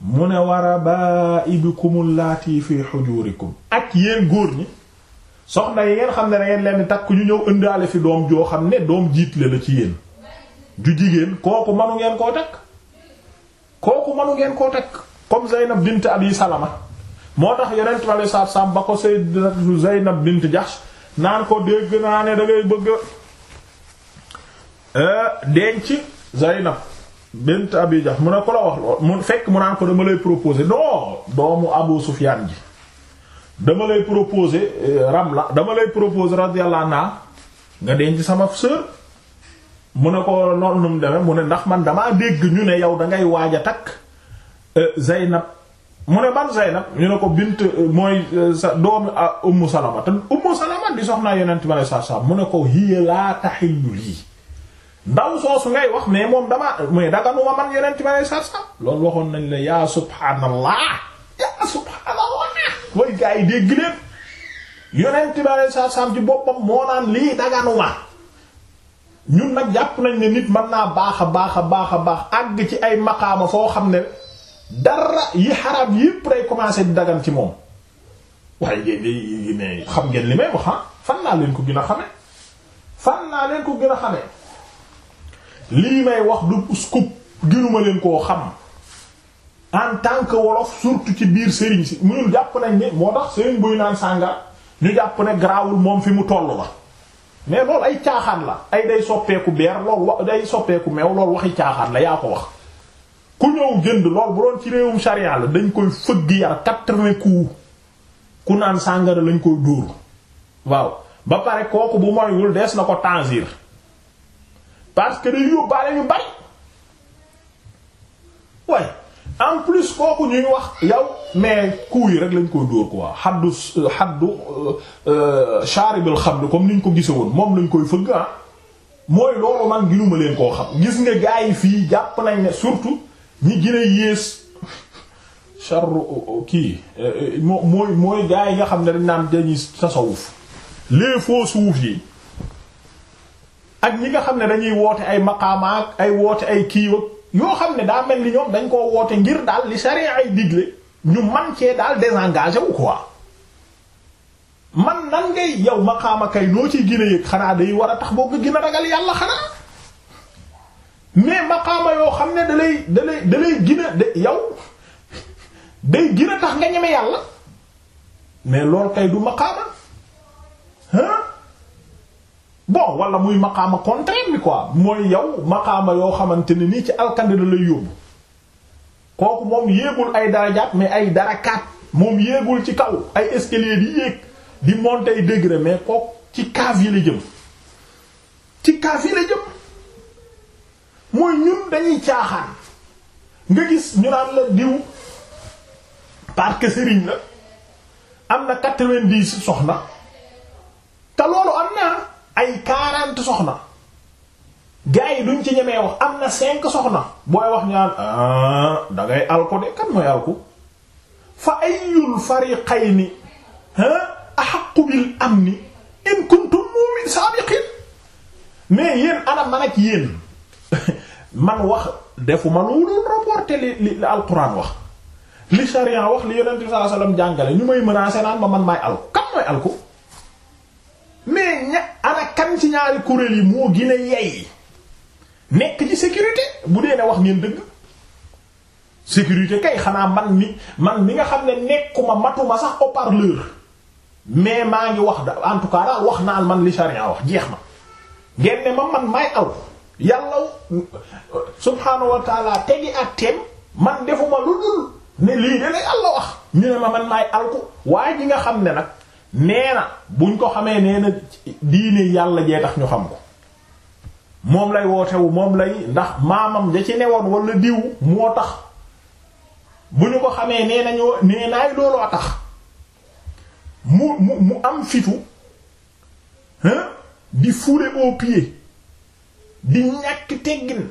mu ne wara ba ibikumul laati fi xujurikum ak yéen góor ñi soxna yi ngeen xam ne da ngeen leen takk ñu ñëw ëndaale fi doom joo xam ne doom jiitle la ci yéen ju jigéen kooku manu ngeen koo takk kooku manu ngeen koo takk comme Zaynab bint Abi Salama moo tax yonent bi alei satu salaam ba ko sayyidatu Zaynab bint Jahsh naan ko dégg naa ne da ngay bëgg euh, denc Zaynab bint Abi mu ne ko la wax lool mu fekk mu naan ko dama lay proposer non doomu Abu Sufyaan ji dama lay proposer euh, la dama lay proposer radiyallahu anha nga denc sama sœur mu ne ko noonu nu mu mu ne ndax man damaa dégg ñu ne yow da ngay waaj a takk euh, Zaynab mu ne ban Zaynab ñu ne ko bint euh, mooy sa doomu Ummu Salama te Ummu Salama di soxnaa yonent bi sallallahu alayhi wasallam mu ne ko hiya laa tahillu lii ndaw soosu ngay wax mais moom damaa mais daganuma man yonent ma ne sarsam loolu waxoon nañ la yaa subhaanallah yaa subhaanallah way gaa yi dégg leen yonent ma ne sarsam boppam moo naan lii daganuma jàpp nañ ne nit mën naa baax a baax a baax a baax àgg ci ay maqaama foo xam ne dara yi xaraam yépp di dagan ci moom waaye xam ngeen li may wax ah? fan naa leen ko gën a xame fan naa leen ko gën a xame lii may wax du scoop gënuma leen koo xam en tant que wolof surtout ci biir sëriñ si ñun jàpp nañ ne moo tax sëriñ buy naan sànga ñu jàpp ne garaawul moom fi mu toll la mais loolu ay caaxaan la ay day soppeeku beer loolu wa day soppeeku meew loolu waxi caaxaan la yaa ko wax ku ñëw jënd lool bu doon ci réewum charia la dañ koy fëgg yar quatre-vingts ku naan sàngara lañ koy dóor waaw ba pare kooku bu moyul dees na ko tanzir parce que day yóbbaale ñu bari waaye en plus kooku ñu wax yow mais coup yi rek lañ koy dóor quoi xaddu xaddu euh, euh, euh, shaaribil xamr comme niñ ko gise woon moom lañ koy fëgg ah mooy loolu man ginuma leen koo xam gis nga gaa yi fii jàpp nañ ne surtout ñi gën yées charru kii mooy mooy gaa yi nga xam ne dañ naan dañuy tasawuf les faux suuf yi ak ñi nga xam ne dañuy woote ay maqaama ak ay woote ay kiiwag yoo xam ne daa mel ni ñoom dañ koo woote ngir daal li sharia ay digle ñu man cee daal désengagé wu quoi man nan ngay yow maqaama kay noo ciy gën yëg xanaa day war a tax boo ko gën a ragal yàlla xanaa mais maqaama yoo xam ne da lay dalay lay da lay yow day gën a tax nga ñeme yàlla mais lool kay du maqaama bon wala muy maqaama contraire bi quoi mooy yow maqaama yoo xamante ne nii ci alkandida lay yóbbu kooku moom yéegul ay darajaat mais ay darakaat moom yéegul ci kaw ay escalier di yéeg di monter ay degré mais kooku ci kaaf yi la jëm ci kaaf yi la jëm mooy ñun dañuy caaxaan nga gis ñu naan la diw parce sëriñ la am na quatre vingt soxna ay quarante soxna gars yi duñ ci ñemee wax am na cinq soxna booy wax ñaan ah da ngay alko de kan mooy alku fa ayul fariqayni ah, ahaqqu bil amni in kuntum mu'min sabiqin mais yéen ana man ak yéen man wax defuma lu dul rapporter li li li alquran wax li sharia wax li yonent bi sallallahu alayhi wasallam jàngale ñu may menacer naan ma man maay alku kan mooy alku mais ña kan ci ñaari kuréel yi moo gën a yey nekk ci sécurité bu dee ne wax ngeen dëgg sécurité kay xanaa man mi man mi nga xam ne nekkuma matuma sax haut-parleur mais maa ngi wax da en tout cas daal wax naan man li charia wax jeex na ngeen ne ma man maay aw yàlla subhaanahu wa man defuma lu dul ne lii de la ma man maay alku waaye ñi nga xam ne nag nee na buñ ko xamee nee na diine yàlla jee tax ñu xam ko moom lay wootewu moom lay ndax maamam da ci newoon wala diw moo tax bu ñu ko xamee nee nañoo nee naay loolu a tax mu mu mu am fitu hein di fouler aux pieds di ñàkk teggin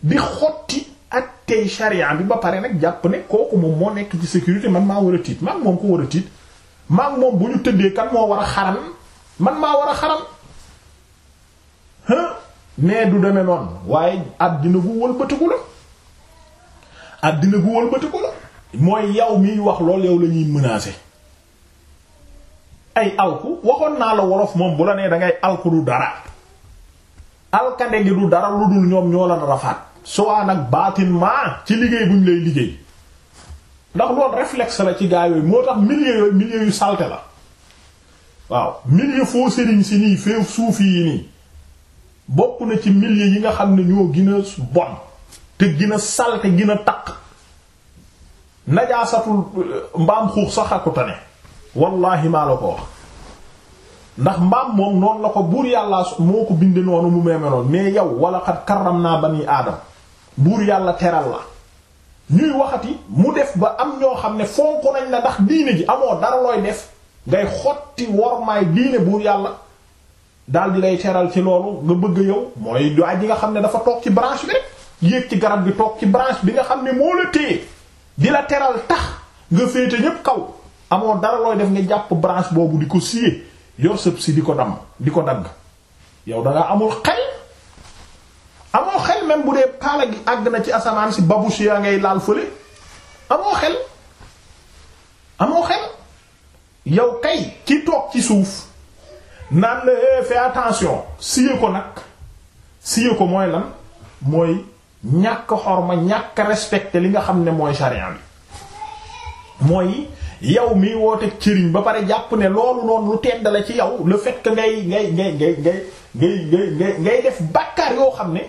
di xotti ak tey charia bi ba pare nag jàpp ne kooku moom moo nekk ci sécurité man maa war a tiit man moom ko war a tiit maam moom bu ñu tëddee kan moo war a xaran man maa war a xaran hein mais du demee noonu waaye àddina gu wëlbatiku la àddina gu wëlbatiku la mooy yow miy wax lool yow la ñuy ay alku waxoon naa la wolof moom bu la nee da ngay alku du dara alkande gi du dara lu dul ñoom ñoo la rafaat soo nag baatin ma ci liggéey bu ñu lay liggéey ndax loolu réflexe la ci gaa yooyu moo tax milieu yooyu milieu yu salte la waaw milieu foo sëriñ si nii féef suufi yi nii bokk na ci milieu yi nga xam ne ñoo gën a bon te gën salte gën a taq najaasatul euh, mbaam xuux sax a ko wallaahi maa la ko wax ndax mbaam moom noonu la ko buur yàlla moo ko binde noonu mu meeme noonu mais yow wala xat karram naa bani aadam buur yàlla teral la ñuy waxati mu def ba am ñoo xam ne fonk nañ la ndax diine ji amoo dara looy def ngay xotti wormaay diine buur yàlla daal di lay teral ci loolu nga bëgg yow mooy waay ji nga xam ne dafa toog ci branche bi yéeg ci garab bi toog ci branche bi nga xam ne moo la téye di la teral tax nga féete ñépp kaw amoo dara looy def nga jàpp branche boobu di ko scier yor sëp si di ko damm di ko dagg yow da amul xel xel bu dee kaala gi àgg na ci asamaan si babu yaa ngay laal fële amoo xel amoo xel yow kay ki toog ci suuf naan la eh, attention siye ko nag siye ko mooy lan mooy ñàkk xorma ñàkk respecté li nga xam ne mooy sharia bi mooy yow miy woote cëriñ ba pare jàpp ne loolu noonu lu tedd la ci yow le fait que ngay ngay ngay ngay ngay ngay def bàkkaar yoo xam ne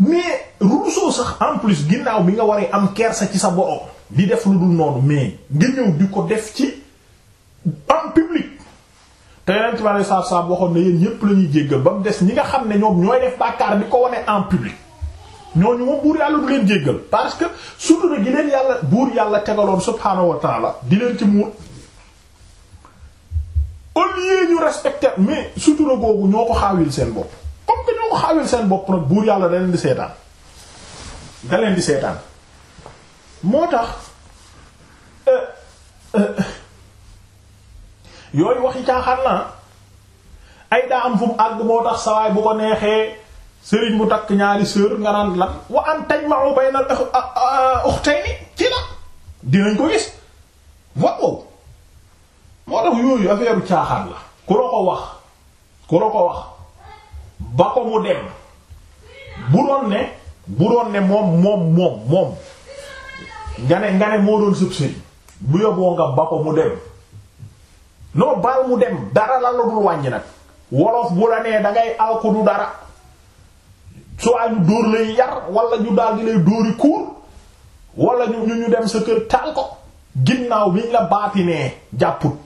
mais ruusoo sax en plus ginnaaw bi nga waree am kersa ci sa borom di def lu dul noonu mais nga ñëw di ko def ci en public te yeneen ci wàllu saabsaab waxoon na yéen ñépp la ñuy jéggal ba mu des ñi nga xam ne ñoom ñooy def bàkkaar bi ko wanee en public. ñooñu moom buur yàlla du leen jéggal parce que sutura gi leen yàlla buur yàlla tegaloon subhaanahu wa taala di leen ci mu au lieu ñu respecter mais sutura googu ñoo ko xaawil seen bopp. ñu xawil seen bopp nag buur yàlla da leen di seetaan da leen di seetaan moo tax euh, euh, yooyu waxi caaxaan naa ay daa am fu mu àgg moo tax sawaay bu ko neexee sëriñ bu takk ñaari sœur nga naan lan wa an tajma'u bayna al-ukhtayni ci la dinañ ko gis waaw moo tax yooyu affaire caaxaan la ku la ko wax ku la ko wax ba ko mu dem bu doon ne bu doon ne moom moom moom moom nga ne nga ne moo doon sëb bu yoboo nga ba ko mu dem noo baal mu dem dara la la dul wàññi nag wolof bu la nee dangay alku dara su waa ñu dóor lay yar wala ñu daal lay dóori kuur wala ñu ñu ñu dem sa kër taal ko ginnaaw biñ la baatinee jàpput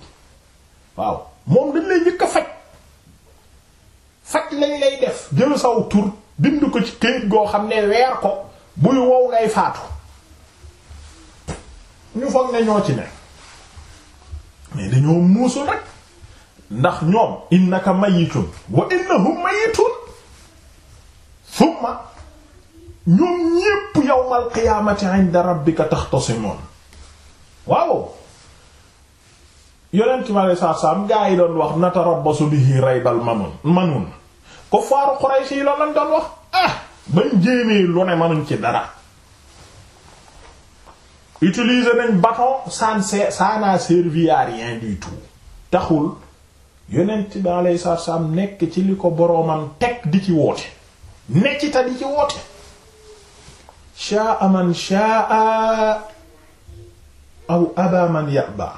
waaw moom dañ lay njëkk faj jël saw tur bind ko ci këyit goo xam ne weer ko buy wow ngay faatu ñu foog ne ñoo ci ne mais dañoo muusul rek ndax ñoom innaka mayitun wa innahum mayitun summa ñoom ñépp yawmal qiyaamati inda rabbika taxtasimoon waaw yonent mi alei saatu salaam gaa yi doon wax natarabbasu bihi raybal mamun manun ko faaru Quraysh yi loolu lañ doon wax ah bañ jéemee lu ne mënuñ ci dara utiliser nañ bâton ça ça n'a servi à rien du tout taxul yonent bi alayhi salaam nekk ci li ko boroomam teg di ci woote ne di ci woote sha'a man sha'a aw aba man ya'ba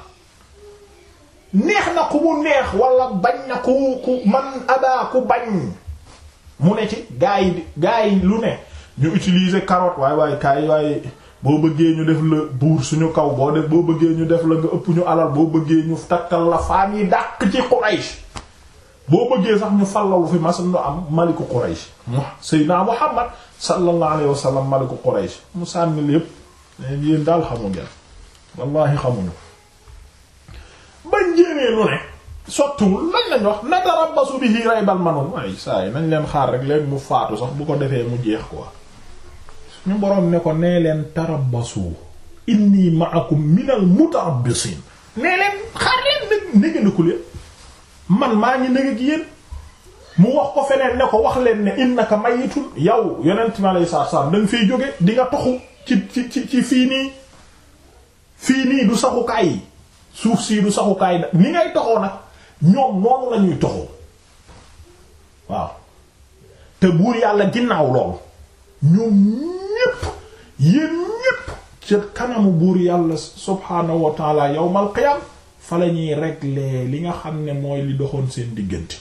neex na ku mu neex wala bañ na ku ku man aba ku bañ mu ne ci gaa yi gaa yi lu ne ñu utiliser carotte waaye waaye kaay waaye boo bëggee ñu def la buur suñu kaw boo def boo bëggee ñu def la nga ëpp ñu alal boo bëggee ñu takkal la faam yi dàq ci Quraysh boo bëggee sax ñu fallalu fi mas lu am maliku Quraysh Seydina Muhammad sallallahu alayhi wa sallam maliku Quraysh mu sànni lépp mais eh, yéen daal xamu ngeen wallaahi xamuñu bañ jéemee lu ne. sottiwul lañ lañ wax natarabbasu bihi raybal manun waaye saa nañ leen xaar rek leen mu faatu sax bu ko defee mu jeex quoi suñu boroom ne ko nee leen tarabbasu inni ma'akum minal mutarabbisin nee leen xaar leen nég négandiku leen man maa ngi néga gi mu wax ko feneen ne ko wax leen ne innaka mayitun yow yonent mi alayhi salaatu salaam da nga fiy jóge di nga toxu ci ci fii nii fii nii du saxukaay yi suuf sii saxukaay ni ngay toxoo nag ñoom noonu la toxoo waaw te buur yàlla ginnaaw loolu ñoom ñépp yéen ñépp ci kanamu buur yàlla subhaanahu wa taala yawmal qiyaam fa la ñuy li nga xam ne mooy li doxoon seen diggante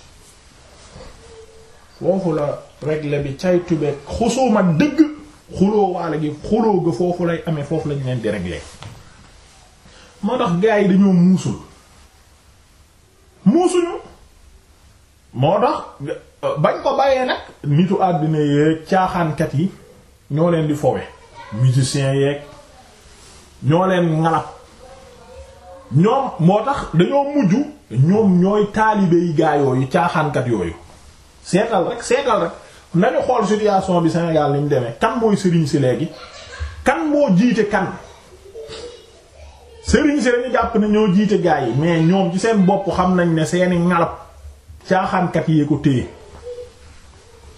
foofu la régler bi cay beeg xusuuma dëgg xuloo waale gi xuloo ga foofu lay ame foofu lañ leen di régler moo tax gaa yi dañoo muusul muusuñu moo tax bañ ko bàyyee nag nitu àddina yeeg caaxaankat yi ñoo leen di fowe musiciens yeeg ñoo leen ngalab ñoom moo tax dañoo mujj ñoom ñooy taalibe yi yooyu caaxaankat yooyu seetal rek seetal rek nañu xool situation bi Sénégal ni ñu demee kan mooy sëriñ si léegi kan moo jiite kan sëriñ si dañu jàpp nañoo ñoo jiite gaa yi mais ñoom ci seen bopp xam nañ ne seeni ngalab caaxaankat yee ko téye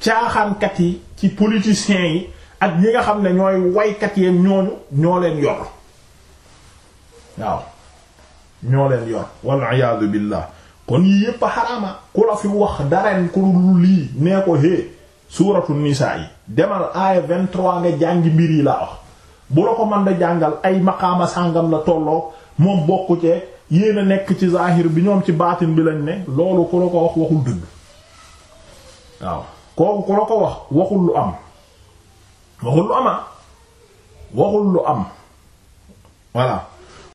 caaxaankat yi ci politiciens yi ak ñi nga xam ne ñooy woykat yeeg ñooñu ñoo leen yor waaw ñoo leen yor wal iyaadu billah kon yii yépp a xaraama ku la fi wax dareen ku lu lii nee ko hé suuratu nisaa yi demal aaya 23 nga jàngi mbir yi laa wax bu la ko mën da jàngal ay maqaama sàngam la tolloo moom bokku cee a nekk ci zahir bi ñoom ci baatin bi lañ ne loolu ku la ko wax waxul dëgg waaw kooku ku la ko wax waxul lu am waxul lu ama ah. waxul lu am voilà